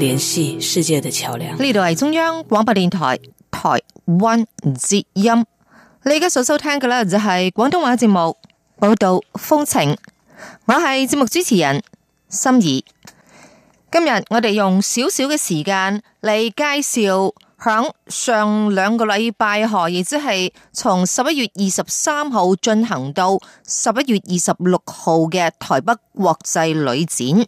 聯繫世界的橋樑。呢度係中央廣播電台台灣節音，你而家所收聽嘅呢，就係廣東話節目報道風情。我係節目主持人心儀。今日我哋用少少嘅時間嚟介紹響上兩個禮拜，何亦即係從十一月二十三號進行到十一月二十六號嘅台北國際旅展。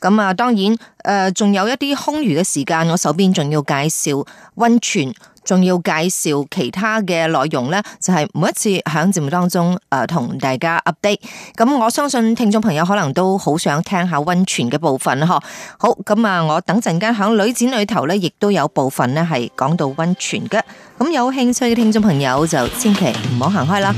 咁啊，當然誒，仲、呃、有一啲空餘嘅時間，我手邊仲要介紹溫泉，仲要介紹其他嘅內容呢就係、是、每一次響節目當中誒，同、呃、大家 update。咁我相信聽眾朋友可能都好想聽下溫泉嘅部分嗬，好，咁啊，我等陣間響旅展裏頭呢，亦都有部分呢係講到溫泉嘅。咁有興趣嘅聽眾朋友就千祈唔好行開啦。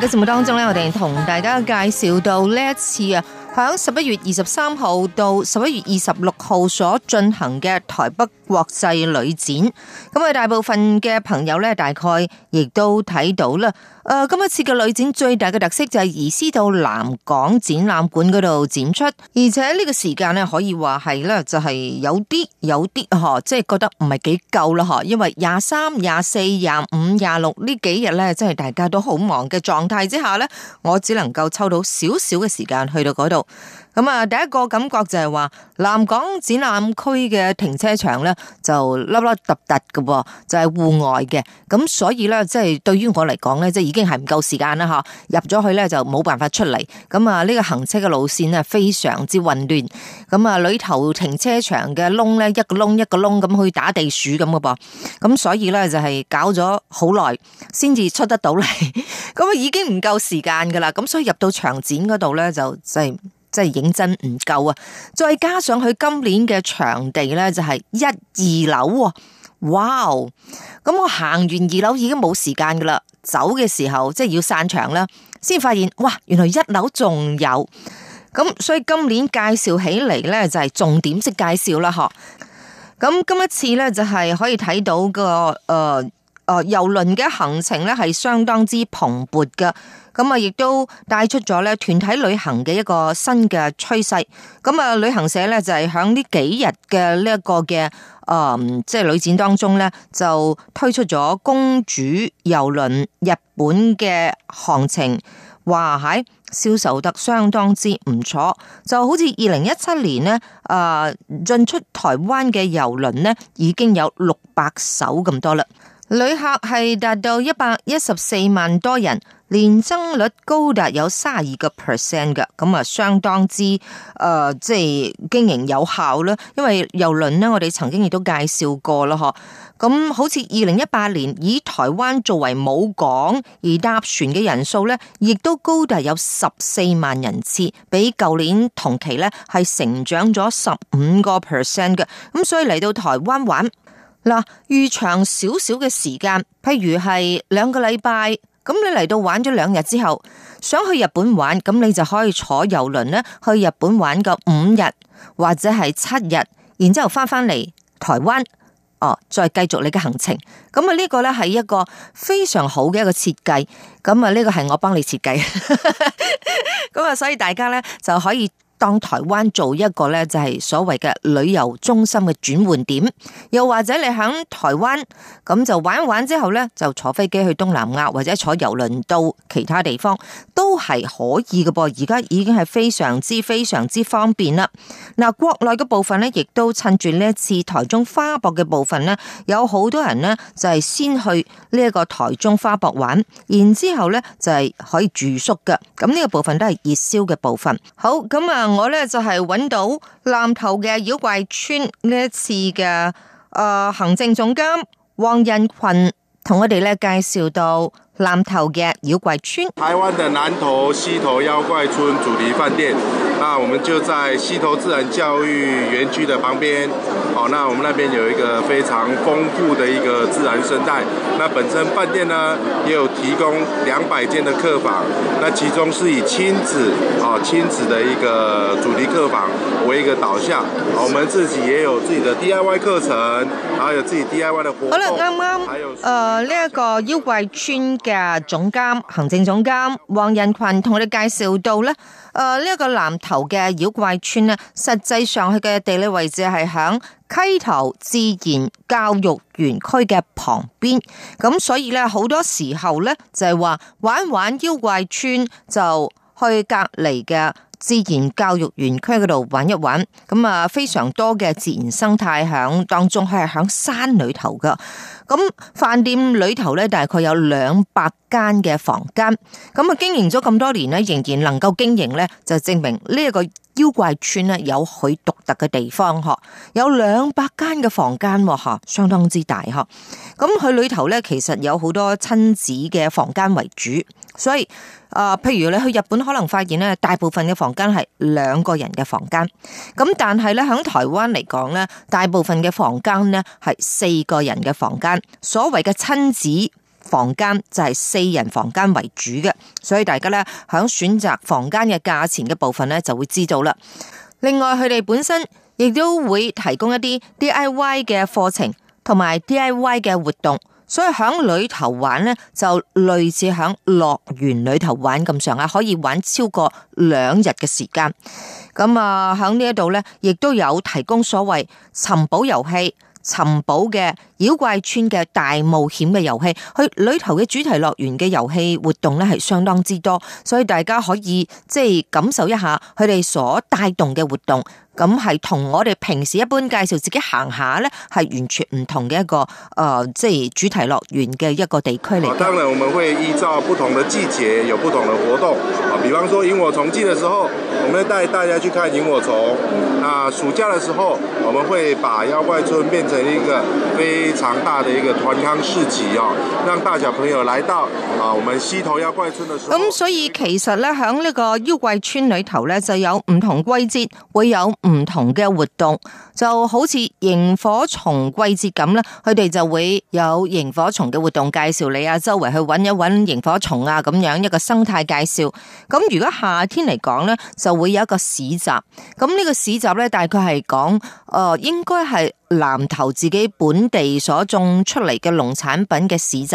喺節目當中咧，我哋同大家介紹到呢一次啊，響十一月二十三號到十一月二十六號所進行嘅台北國際旅展咁啊，大部分嘅朋友呢，大概亦都睇到啦。誒、呃，今一次嘅旅展最大嘅特色就係移師到南港展覽館嗰度展出，而且呢個時間呢，可以話係呢，就係、是、有啲有啲，嗬，即係覺得唔係幾夠啦，嗬。因為廿三、廿四、廿五、廿六呢幾日呢，真係大家都好忙嘅狀態之下呢，我只能夠抽到少少嘅時間去到嗰度。咁啊，第一個感覺就係話南港展覽區嘅停車場咧就凹凹凸凸嘅，就係、就是、戶外嘅。咁所以咧、就是，即係對於我嚟講咧，即係已經係唔夠時間啦吓。入咗去咧就冇辦法出嚟。咁啊，呢個行車嘅路線咧非常之混亂。咁啊，裏頭停車場嘅窿咧一個窿一個窿咁去打地鼠咁嘅噃。咁所以咧就係、是、搞咗好耐先至出得到嚟。咁 啊已經唔夠時間噶啦。咁所以入到場展嗰度咧就就係。真係認真唔夠啊！再加上佢今年嘅場地呢，就係、是、一二樓啊、哦！哇、wow! 咁、嗯、我行完二樓已經冇時間噶啦，走嘅時候即係要散場啦，先發現哇，原來一樓仲有咁、嗯，所以今年介紹起嚟，呢，就係、是、重點式介紹啦，嗬、嗯！咁今一次呢，就係、是、可以睇到個誒誒郵輪嘅行程呢，係相當之蓬勃嘅。咁啊，亦都帶出咗咧團體旅行嘅一個新嘅趨勢。咁啊，旅行社咧就係喺呢幾日嘅呢一個嘅誒，即、呃、係、就是、旅展當中咧，就推出咗公主遊輪日本嘅行程，話喺銷售得相當之唔錯。就好似二零一七年呢誒、呃、進出台灣嘅遊輪咧已經有六百艘咁多啦。旅客係達到一百一十四萬多人，年增率高達有卅二個 percent 嘅，咁啊相當之誒，即、呃、係、就是、經營有效啦。因為郵輪咧，我哋曾經亦都介紹過啦，嗬。咁好似二零一八年以台灣作為母港而搭船嘅人數咧，亦都高達有十四萬人次，比舊年同期咧係成長咗十五個 percent 嘅。咁所以嚟到台灣玩，嗱，預長少少嘅時間，譬如係兩個禮拜，咁你嚟到玩咗兩日之後，想去日本玩，咁你就可以坐郵輪咧去日本玩個五日或者係七日，然之後翻翻嚟台灣，哦，再繼續你嘅行程。咁啊，呢個咧係一個非常好嘅一個設計。咁啊，呢個係我幫你設計。咁啊，所以大家咧就可以。當台灣做一個咧就係所謂嘅旅遊中心嘅轉換點，又或者你喺台灣咁就玩一玩之後咧，就坐飛機去東南亞，或者坐郵輪到其他地方。都係可以嘅噃，而家已經係非常之非常之方便啦。嗱，國內嘅部分咧，亦都趁住呢一次台中花博嘅部分咧，有好多人咧就係、是、先去呢一個台中花博玩，然之後咧就係、是、可以住宿嘅。咁呢個部分都係熱銷嘅部分。好，咁啊，我咧就係、是、搵到南投嘅妖怪村呢一次嘅誒、呃、行政總監黃仁群，同我哋咧介紹到。南投嘅妖怪村，台灣的南投溪頭妖怪村主題飯店，那我們就在溪頭自然教育園區的旁邊，哦，那我們那邊有一個非常豐富的一個自然生態，那本身飯店呢也有提供兩百間的客房，那其中是以親子，哦，親子的一個主題客房為一個導向，哦，我們自己也有自己的 D I Y 課程，然後有自己 D I Y 的活動，好了，剛剛還有，呃呢、這個妖怪村。嘅總監、行政總監黃仁群同我哋介紹到呢，誒呢一個南投嘅妖怪村呢實際上佢嘅地理位置係響溪頭自然教育園區嘅旁邊，咁所以呢，好多時候呢就係、是、話玩玩妖怪村就去隔籬嘅自然教育園區嗰度玩一玩，咁啊非常多嘅自然生態響當中，係響山裏頭噶。咁飯店裏頭咧，大概有兩百間嘅房間，咁啊經營咗咁多年咧，仍然能夠經營咧，就證明呢、這、一個。妖怪村咧有佢獨特嘅地方，嗬，有兩百間嘅房間，嗬，相當之大，嗬。咁佢裏頭咧，其實有好多親子嘅房間為主，所以啊，呃，譬如你去日本，可能發現咧，大部分嘅房間係兩個人嘅房間，咁但係咧喺台灣嚟講咧，大部分嘅房間咧係四個人嘅房間。所謂嘅親子。房間就係四人房間為主嘅，所以大家咧響選擇房間嘅價錢嘅部分咧就會知道啦。另外佢哋本身亦都會提供一啲 DIY 嘅課程同埋 DIY 嘅活動，所以響裏頭玩咧就類似響樂園裏頭玩咁上下，可以玩超過兩日嘅時間。咁啊響呢一度咧亦都有提供所謂尋寶遊戲。尋寶嘅妖怪村嘅大冒險嘅遊戲，佢裏頭嘅主題樂園嘅遊戲活動咧係相當之多，所以大家可以即係感受一下佢哋所帶動嘅活動。咁係同我哋平時一般介紹自己行下呢，係完全唔同嘅一個誒、呃，即係主題樂園嘅一個地區嚟。當然，我哋會依照不同的季節，有不同的活動。啊，比方說螢火蟲季嘅時候，我哋帶大家去看螢火蟲。啊，暑假嘅時候，我們會把妖怪村變成一個非常大的一個團康市集哦、啊，讓大小朋友來到啊，我們溪頭妖怪村嘅時候。咁所以其實呢，喺呢個妖怪村裏頭呢，就有唔同季節會有。唔同嘅活動就好似螢火蟲季節咁咧，佢哋就會有螢火蟲嘅活動介紹你圍，找找啊，周圍去搵一搵螢火蟲啊，咁樣一個生態介紹。咁如果夏天嚟講咧，就會有一個市集，咁呢個市集咧大概係講，誒、呃，應該係。南投自己本地所種出嚟嘅農產品嘅市集，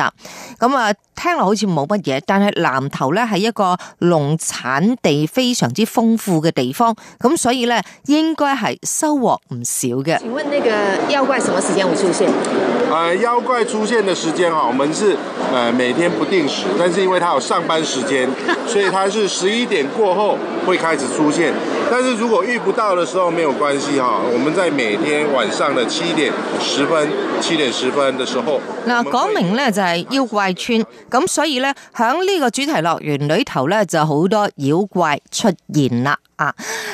咁啊聽落好似冇乜嘢，但係南投呢係一個農產地非常之豐富嘅地方，咁所以呢應該係收穫唔少嘅。請問那個妖怪什麼時間會出現？誒、呃，妖怪出現的時間哈，我們是誒每天不定時，但是因為他有上班時間， 所以他是十一點過後會開始出現。但是如果遇不到的時候沒有關係哈，我們在每天晚上的七點十分、七點十分的時候，嗱講明呢就係妖怪村，咁所以呢，響呢個主題樂園裏頭呢，就好多妖怪出現啦。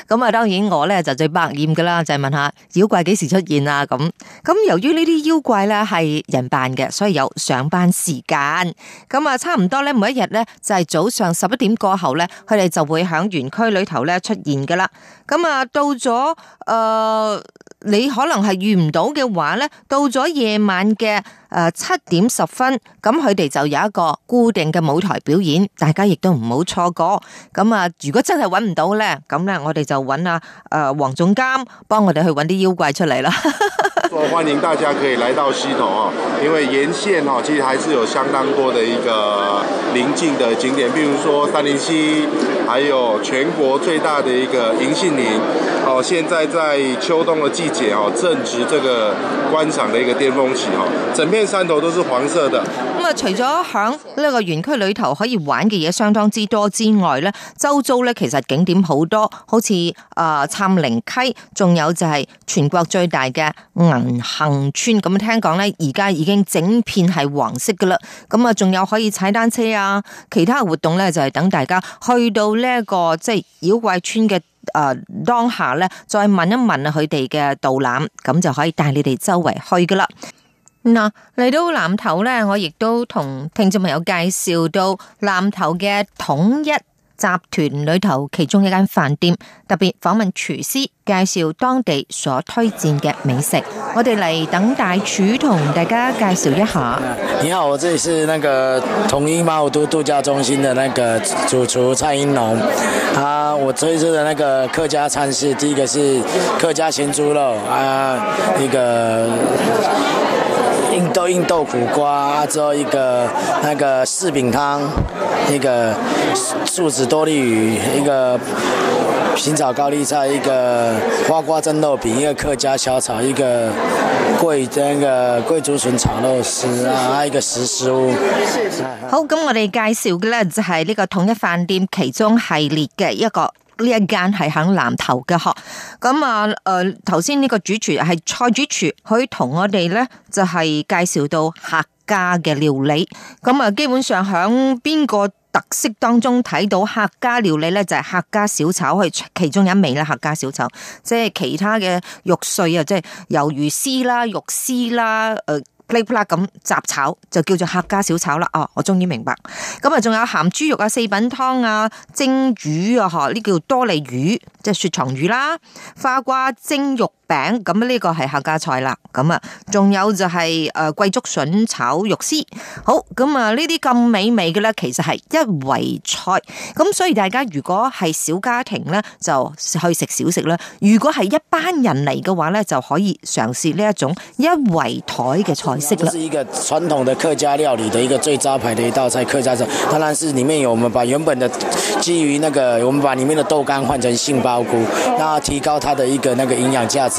咁啊，當然我咧就最百厭噶啦，就係、是、問下妖怪幾時出現啊？咁咁、嗯、由於呢啲妖怪咧係人扮嘅，所以有上班時間。咁、嗯、啊，差唔多咧，每一日咧就係、是、早上十一點過後咧，佢哋就會喺園區裏頭咧出現噶啦。咁、嗯、啊，到咗誒。呃你可能係遇唔到嘅話呢，到咗夜晚嘅誒七點十分，咁佢哋就有一個固定嘅舞台表演，大家亦都唔好錯過。咁啊，如果真係揾唔到呢，咁呢，我哋就揾啊誒黃總監幫我哋去揾啲妖怪出嚟啦。 說歡迎大家可以來到溪頭哦，因為沿線哦，其實還是有相當多的一個鄰近的景點，譬如說杉林溪，還有全國最大的一個銀杏林哦。現在在秋冬的季節哦，正值這個觀賞的一個巔峰期哦，整片山頭都是黃色的。咁啊，除咗響呢個園區裏頭可以玩嘅嘢相當之多之外咧，周遭咧其實景點好多，好似誒杉林溪，仲有就係全國最大嘅。嗯銀杏村咁聽講咧，而家已經整片係黃色噶啦，咁啊仲有可以踩單車啊，其他嘅活動咧就係等大家去到呢一個即係妖怪村嘅誒當下咧，再問一問佢哋嘅導覽，咁就可以帶你哋周圍去噶啦。嗱，嚟到南投咧，我亦都同聽眾朋友介紹到南投嘅統一。集團裏頭其中一間飯店，特別訪問廚師，介紹當地所推薦嘅美食。我哋嚟等大廚同大家介紹一下。你好，我這裡是那個統一茂都度假中心嘅那個主廚蔡英龍。啊，我推出嘅那個客家餐式，第一個是客家鹹豬肉啊，一個。豆印豆腐瓜之後，一個那個柿餅湯，一個樹子多利魚，一個平炒高麗菜，一個花瓜蒸豆餅，一個客家小炒，一個貴珍個貴竹筍炒肉絲啊，一個石燒。好，咁我哋介紹嘅咧就係呢個統一飯店其中系列嘅一個。呢一間係響南投嘅嗬，咁啊誒，頭先呢個主廚係蔡主廚，佢同我哋咧就係介紹到客家嘅料理，咁啊基本上響邊個特色當中睇到客家料理咧，就係客家小炒，佢其中一味啦，客家小炒，即係其他嘅肉碎啊，即係魷魚絲啦、肉絲啦，誒、呃。噼啪咁雜炒就叫做客家小炒啦，哦，我終於明白。咁啊，仲有鹹豬肉啊、四品湯啊、蒸魚啊，嗬，呢叫多利魚，即係雪藏魚啦，花瓜蒸肉。餅咁呢個係客家菜啦，咁啊仲有就係誒桂竹筍炒肉絲，好，咁啊呢啲咁美味嘅咧，其實係一圍菜，咁所以大家如果係小家庭咧，就去食小食啦；如果係一班人嚟嘅話咧，就可以嘗試呢一種一圍台嘅菜式啦。係一個傳統嘅客家料理嘅一個最招牌嘅一道菜，客家菜，當然是裏面有，我們把原本的基於那個，我們把裏面的豆乾換成杏鮑菇，那提高它的一個那個營養價值。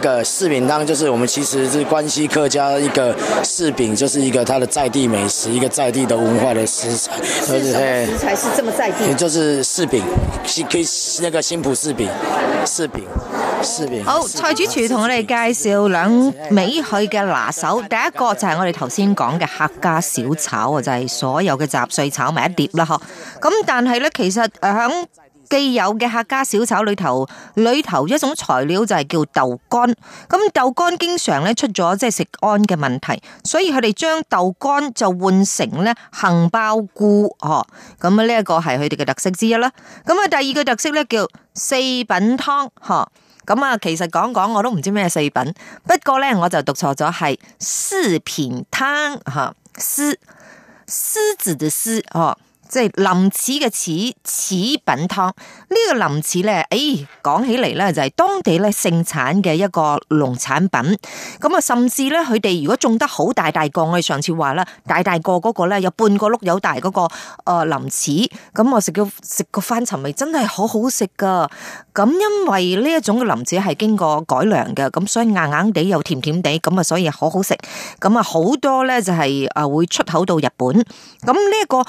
個柿餅湯就是我們其實是關西客家一個柿餅，就是一個它的在地美食，一個在地的文化的食材。食材是這麼在地，就是柿餅，新、那個新埔柿餅，柿餅，柿餅。好，蔡主廚同我哋介紹兩美去嘅拿手，第一個就係我哋頭先講嘅客家小炒啊，就係、是、所有嘅雜碎炒埋一碟啦，嗬。咁但係咧，其實誒響。既有嘅客家小炒裏頭，裏頭一種材料就係叫豆乾，咁豆乾經常咧出咗即係食安嘅問題，所以佢哋將豆乾就換成咧杏鮑菇哦，咁啊呢一、這個係佢哋嘅特色之一啦。咁啊第二個特色咧叫四品湯，吓咁啊其實講講我都唔知咩四品，不過咧我就讀錯咗係獅品湯吓，獅、啊、獅子的獅哦。啊即係林柿嘅柿柿品湯呢，這個林柿咧，誒、哎，講起嚟咧就係當地咧盛產嘅一個農產品。咁、嗯、啊，甚至咧佢哋如果種得好，大大個，我哋上次話啦，大大個嗰、那個咧有半個碌柚大嗰、那個誒、呃、林柿。咁我食個食個返尋味真係好好食噶。咁、嗯、因為呢一種嘅林柿係經過改良嘅，咁、嗯、所以硬硬地又甜甜地，咁、嗯、啊，所以好好食。咁、嗯、啊，好多咧就係、是、誒、嗯、會出口到日本。咁呢一個。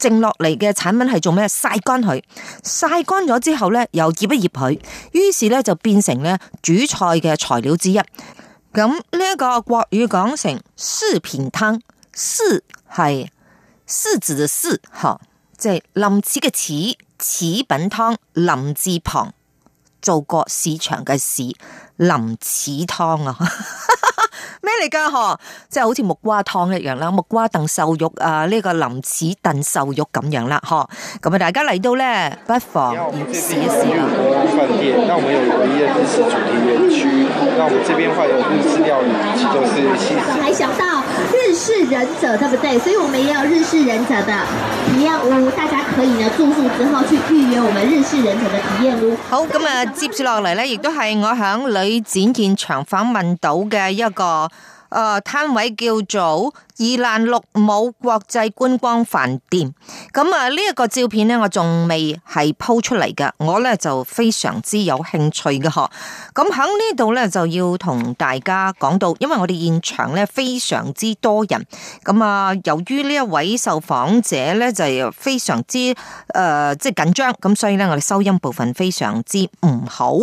剩落嚟嘅產品係做咩？曬乾佢，曬乾咗之後咧，又醃一醃佢，於是咧就變成咧主菜嘅材料之一。咁呢一個國語講成柿品湯，柿係柿子的柿，吓，即係林子嘅子，此品湯林字旁，做過市場嘅市，林子湯啊。 咩嚟噶？嗬，即、就、係、是、好似木瓜湯一樣啦，木瓜燉瘦肉啊，呢、這個林子燉瘦肉咁樣啦，嗬。咁啊，大家嚟到咧，不妨試一試。這是日光飯店，那我們有唯一的日式主題園區，那我們這邊會有日料其中是新。還、嗯日式忍者，對不對？所以我們也有日式忍者的體驗屋，大家可以呢，住宿之後去預約我們日式忍者的體驗屋。好，咁啊，接住落嚟呢，亦都係我響旅展現場訪問到嘅一個。誒，攤、呃、位叫做宜蘭綠舞國際觀光飯店。咁啊，呢、嗯、一、這個照片呢，我仲未係鋪出嚟噶。我呢就非常之有興趣嘅，嗬、嗯。咁喺呢度呢，就要同大家講到，因為我哋現場呢非常之多人。咁、嗯、啊，由於呢一位受訪者呢就非常之誒、呃，即係緊張，咁所以呢，我哋收音部分非常之唔好。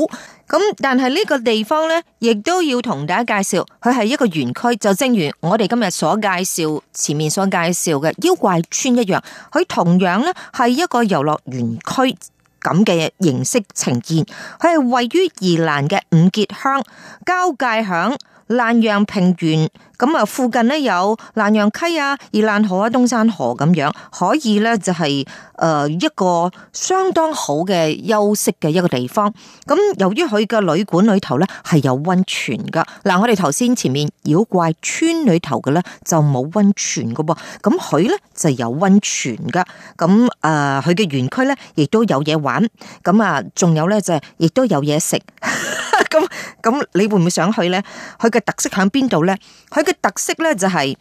咁但係呢個地方咧，亦都要同大家介紹，佢係一個園區，就正如我哋今日所介紹、前面所介紹嘅妖怪村一樣，佢同樣咧係一個遊樂園區咁嘅形式呈現，佢係位於宜蘭嘅五結鄉交界響。爛陽平原咁啊，附近咧有爛陽溪啊，而爛河啊，東山河咁樣，可以咧就係誒一個相當好嘅休息嘅一個地方。咁由於佢嘅旅館裏頭咧係有温泉噶，嗱，我哋頭先前面妖怪村裏頭嘅咧就冇温泉噶噃，咁佢咧就有温泉噶。咁誒，佢嘅園區咧亦都有嘢玩，咁啊，仲有咧就係亦都有嘢食。 咁咁，你會唔會想去咧？佢嘅特色喺邊度咧？佢嘅特色咧就係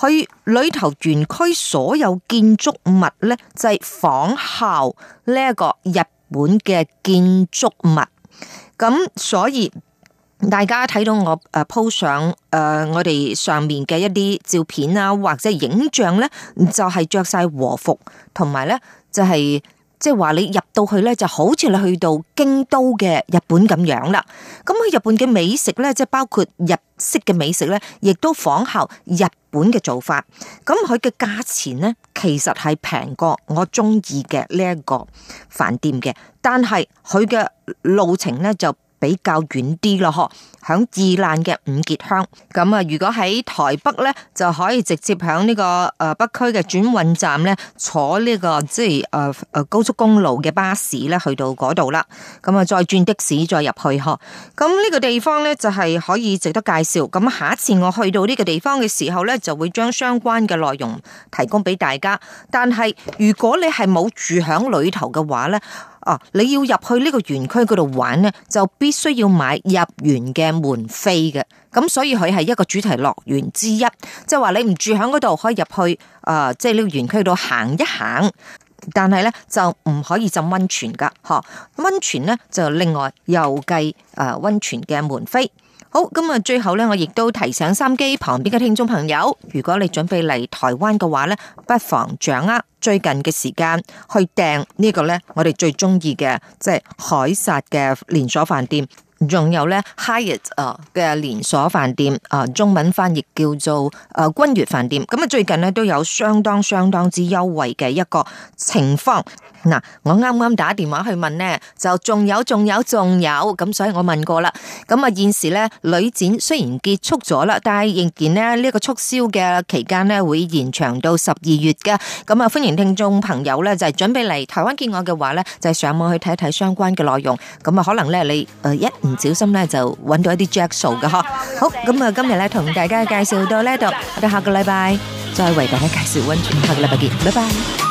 去裏頭園區所有建築物咧，就係仿效呢一個日本嘅建築物。咁所以大家睇到我誒鋪上誒我哋上面嘅一啲照片啊，或者影像咧，就係着晒和服，同埋咧就係、是。即係話你入到去咧，就好似你去到京都嘅日本咁樣啦。咁佢日本嘅美食咧，即係包括日式嘅美食咧，亦都仿效日本嘅做法。咁佢嘅價錢咧，其實係平過我中意嘅呢一個飯店嘅，但係佢嘅路程咧就。比較遠啲咯，嗬！響宜蘭嘅五結鄉，咁啊，如果喺台北呢，就可以直接響呢個誒北區嘅轉運站呢，坐呢個即係誒誒高速公路嘅巴士呢去到嗰度啦。咁啊，再轉的士再入去嗬。咁呢個地方呢，就係可以值得介紹。咁下一次我去到呢個地方嘅時候呢，就會將相關嘅內容提供俾大家。但係如果你係冇住響裏頭嘅話呢。哦、啊，你要入去個園區呢個園區嗰度玩咧，就必須要買入園嘅門費嘅。咁、嗯、所以佢係一個主題樂園之一，即係話你唔住喺嗰度可以入去，誒、呃，即係呢個園區度行一行，但係咧就唔可以浸溫泉噶，嗬，嗯，溫泉咧就另外又計誒溫泉嘅門費。好，咁啊，最後呢，我亦都提醒收音機旁邊嘅聽眾朋友，如果你準備嚟台灣嘅話呢，不妨掌握最近嘅時間去訂呢個呢，我哋最中意嘅即係海薩嘅連鎖飯店。仲有咧 Hyatt 啊，嘅連鎖飯店，啊中文翻譯叫做誒君悅飯店。咁啊最近咧都有相當相當之優惠嘅一個情況。嗱，我啱啱打電話去問呢，就仲有仲有仲有。咁所以我問過啦。咁啊現時咧旅展雖然結束咗啦，但係仍然咧呢一個促銷嘅期間呢會延長到十二月嘅。咁啊歡迎聽眾朋友呢，就係、是、準備嚟台灣見我嘅話呢，就係、是、上網去睇一睇相關嘅內容。咁啊可能呢，你誒一。Yeah, 唔小心咧就揾到一啲 Jack 草嘅嗬，好咁啊！今日咧同大家介紹到呢度，我哋下個禮拜再為大家介紹溫泉，下個禮拜見，拜拜。